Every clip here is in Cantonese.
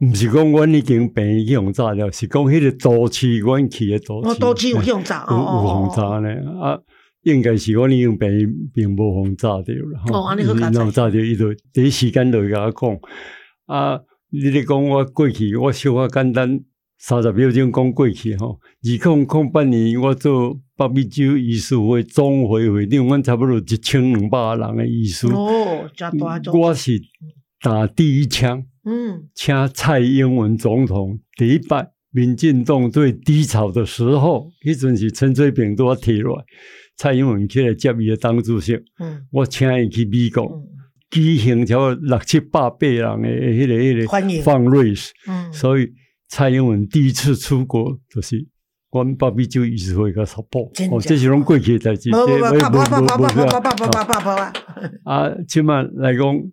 唔是講阮已經病已經轟炸了，是講迄個早期阮去嘅早期，我早期、哦、有轟炸哦。有轟炸呢？啊，應該是阮已經病並冇轟炸掉啦。哦，然後炸着伊第一時間會甲我講。啊，你咧講我過去，我稍微簡單三十秒鐘講過去。吼、啊，二控控八年，我做北美洲，醫師會總會會，阮差不多一千兩百人嘅醫師。哦大，我是打第一槍。嗯嗯，請蔡英文總統迪拜民進黨最低潮的時候，迄、嗯、陣是陳水扁都提落，蔡英文起來接伊的黨主席、嗯。我請伊去美國，舉行超過六七百人嘅迄個那個放 raise,、嗯、所以蔡英文第一次出國就是，我們爸比就一直做一個直播，哦，這是攏過去台，冇冇冇冇冇冇冇啊！啊，千來講。嗯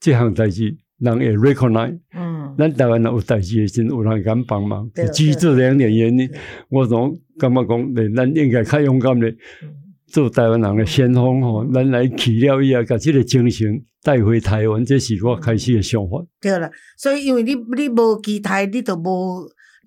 即項代志人要 recognize。嗯，咱台灣人有代志嘅時，有人敢幫忙，基於這兩點原因。我總感覺講，咧，咱應該較勇敢咧，做台灣人嘅先鋒吼、嗯。咱來去了以後，把呢個精神帶回台灣，這是我開始嘅想法。對啦，所以因為你你冇期待，你就冇。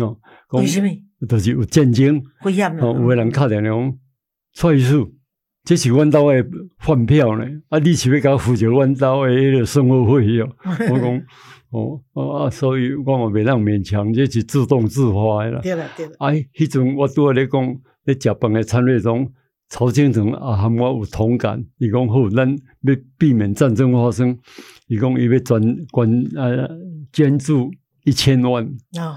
哦講，就是有戰爭，哦，有個人卡電話，出一次，這是阮兜嘅飯票呢，啊，你是要着副就阮兜的生活費哦。 我講，哦，啊，所以我我唔讓勉強，即是自動自發嘅啦。對了，對了啊，迄陣我對我嚟講，喺食飯嘅餐略中，曹清城啊，和我有同感，伊講好，咱要避免戰爭發生，伊講伊要捐捐管，捐助一千萬。哦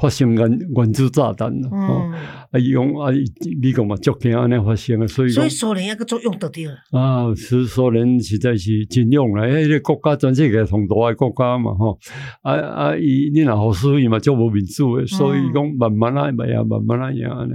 發生原原子炸彈咯、嗯哦，啊伊講啊伊美國嘛，足驚安尼發生啊，所以說所以蘇聯一個作用得啲啦，啊，所以蘇聯實在是盡用啦，因、那、為、個、國家全世界同大外的國家嘛，嗬、啊，啊啊，你若好輸伊嘛，就冇民主，民主嗯、所以講慢慢來咪又慢慢來安尼。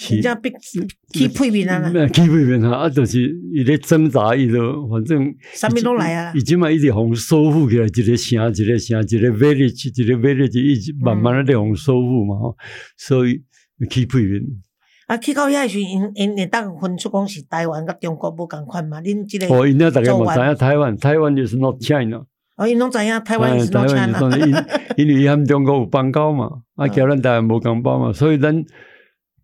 即係逼起配面啊！起配面啊，啊，就是佢哋掙扎，伊就反正，三面都來啊！已經嘛一直放收起來一個城，一個城，一個 village，一個 village，一直慢慢咧放收復嘛。所以起配面。啊，去到嘢係因因你當分出講是台灣甲中國冇咁款嘛？你即係做完。哦，因應該大家冇知啊，台灣台灣就是 not China。我哋攏知啊，台灣唔係 China。因為佢喺中國有邦交嘛，啊，叫人台灣冇咁包嘛，所以等。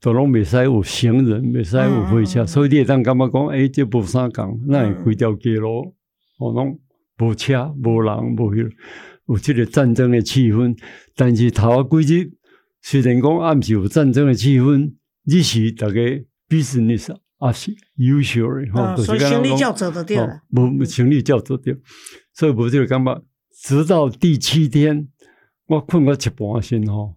都攏未使有行人，未使有飛車，嗯嗯嗯，所以你會當感覺講，誒、欸，即冇三講，那係規條街路，我攏無車無人無迄，有即個戰爭的氣氛。但是頭幾日雖然講暗是有戰爭的氣氛，日是逐個 business、啊、是 Usually，所以精力叫做得掂，冇精力叫做掂。所以、哦、無即個感覺。直到第七天，我困到一半醒，嗬、哦。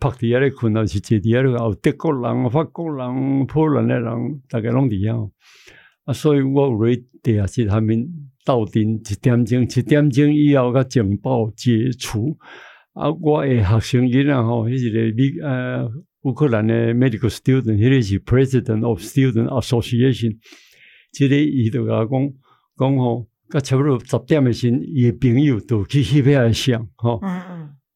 拍佇遐咧困啊，是坐佇遐咧，有德國人、法國人、波蘭嘅人，逐個攏佇遐吼。啊。所以我有咧佇遐，是他們斗陣一點鐘，一點鐘以後甲情報解除。啊，我嘅學生囝仔，嗬、那個，呢個美誒烏克蘭嘅 medical student，呢啲是 president of student association，即個伊都甲我講講吼，甲差不多十點嘅時，伊嘅朋友都去翕片相，吼。嗯嗯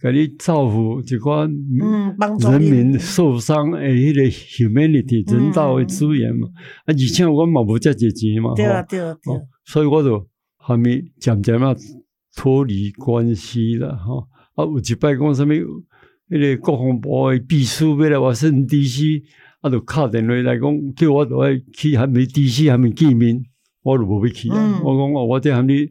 甲你造福一寡，人民受傷誒，迄個 humanity、嗯、人道的資源嘛，啊、嗯，以前我冇無借借錢嘛，吼、嗯喔啊啊喔啊啊喔，所以我就還沒漸漸啦脫離關係了，吼、喔，啊，有一擺講什麼，迄、那個國防部的秘書，未來我說你底啊，就敲電話來講，叫我來去，還沒底薪，還沒見面，我就冇去啊，我講、嗯、我、喔、我叫喊你。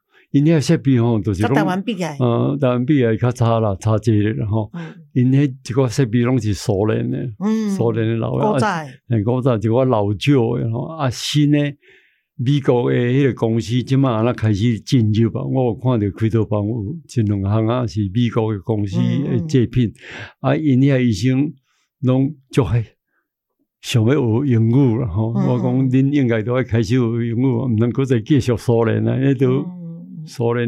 因遐設備吼、哦，著、就是，嗯，但係比較較差啦，差啲嘅、哦，哈、嗯，因遐一個設備攏是蘇聯的，蘇、嗯、聯的老阿，阿個仔，阿、啊欸、古仔就我老趙，阿、啊、新呢，美國嘅迄個公司，即擺安怎開始進入吧，我有看着開刀房有一兩項啊，是美國的公司的製品。嗯嗯，啊，因遐醫生，攏就係想欲學英語啦，哈，我講，恁應該都要開始學英語，毋通擱再繼續蘇聯啊迄著。所以，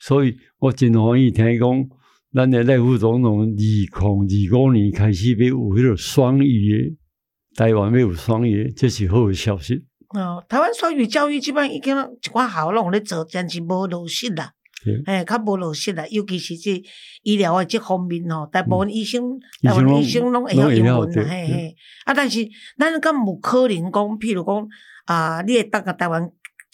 所以我真歡喜聽講，咱嘅內務總統二零二五年開始俾有嗰度雙語嘅，台灣沒有雙語，這是好嘅消息。哦，台灣雙語教育即班已經一班好啦，我哋做，但係冇落實啦，誒，佢冇落實啦，尤其是即醫療嘅這方面哦，大部分醫生，大部分醫生攏會用英文啦，嘿嘿。啊，但是，但係咁有可能講，譬如講，啊，呃，你會當個台灣？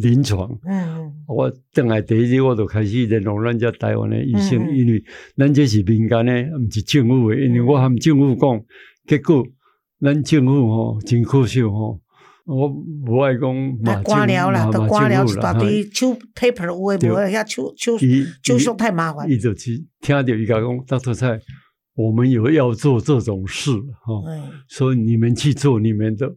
臨床，我真來第一日我就開始在老人家台灣咧醫生，因為咱這是民間咧，唔是政府嘅，因為我和政府講，結果咱政府吼真可惜吼，我唔愛講麻椒麻椒，紙 paper 我唔愛要，抽抽抽抽太麻煩。一九七，聽下第二個講，他說菜，我們有要做這種事，吼，所以你們去做你們的。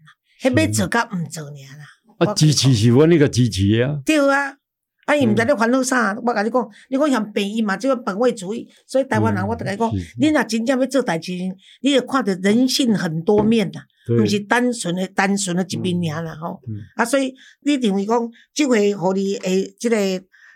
還欲做甲唔做爾啦！啊，我支持是搿個支持啊！對啊，啊知，伊唔知你煩惱啥。我跟你講，你講像民意嘛，這個本位主義，所以台灣人，嗯、我同你講，恁若真正要做代志，你要看到人性很多面啦，唔是單純的單純的一面爾啦，吼、嗯哦嗯！啊，所以你認為講，即回何嚟誒，即個？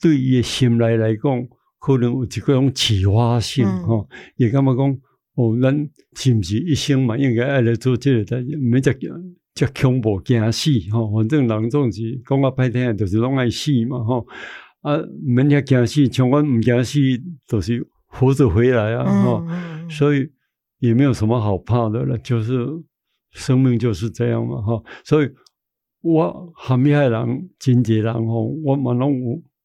對於心內來講，可能有一個種啟發性，哈、嗯，亦感覺講，我哋、哦、是不是一生嘛，應該愛嚟做即個代志呢？但係毋免只恐怖驚死，哈、哦，反正人總是講話歹聽就是攏愛死嘛，吼、哦，啊，毋免驚死，像我唔驚死，都、就是活着回來啊，哈、嗯哦，所以也沒有什麼好怕的啦，就是生命就是這樣嘛，哈、哦，所以我喊咩人真濟人，人吼我我咪攏有。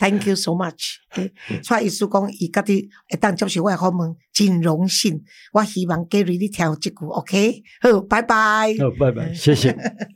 Thank you so much。蔡醫師講，而家一旦接受我嘅訪問，真榮幸。我希望今日你聽這句，OK？好，拜拜。好，拜拜，謝謝。